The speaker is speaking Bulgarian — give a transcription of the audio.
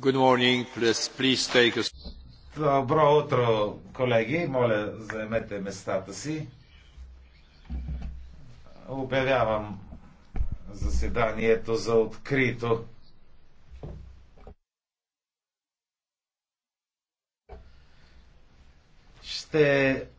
Good morning. Please, please take Добро утро, колеги. Моля, заемете местата си. Обявявам заседанието за открито. Ще